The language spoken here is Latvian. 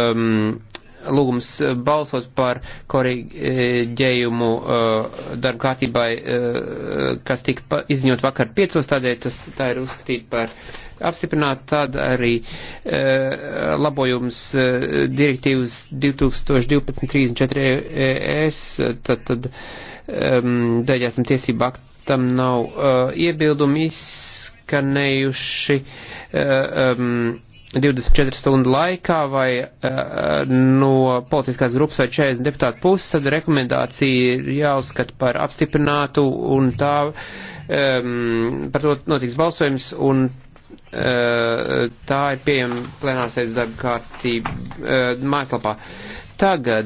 um, lūgums uh, balsot par korīģējumu uh, darba kārtībai, uh, kas tika izņot vakar piecos, tādēļ tas tā ir uzskatīt par apstiprināt, tad arī uh, labojums uh, direktīvas 2012-34 ES, tad, tad um, daļātam tiesību aktam nav uh, iebildumi izskanējuši. Uh, um, 24 stundu laikā vai uh, no politiskās grupas vai 40 deputātu puses, tad rekomendācija ir jāuzskata par apstiprinātu un tā um, par to notiks balsojums un uh, tā ir pieejama plenārsēdes darba kārtība uh, mājaslapā. Tagad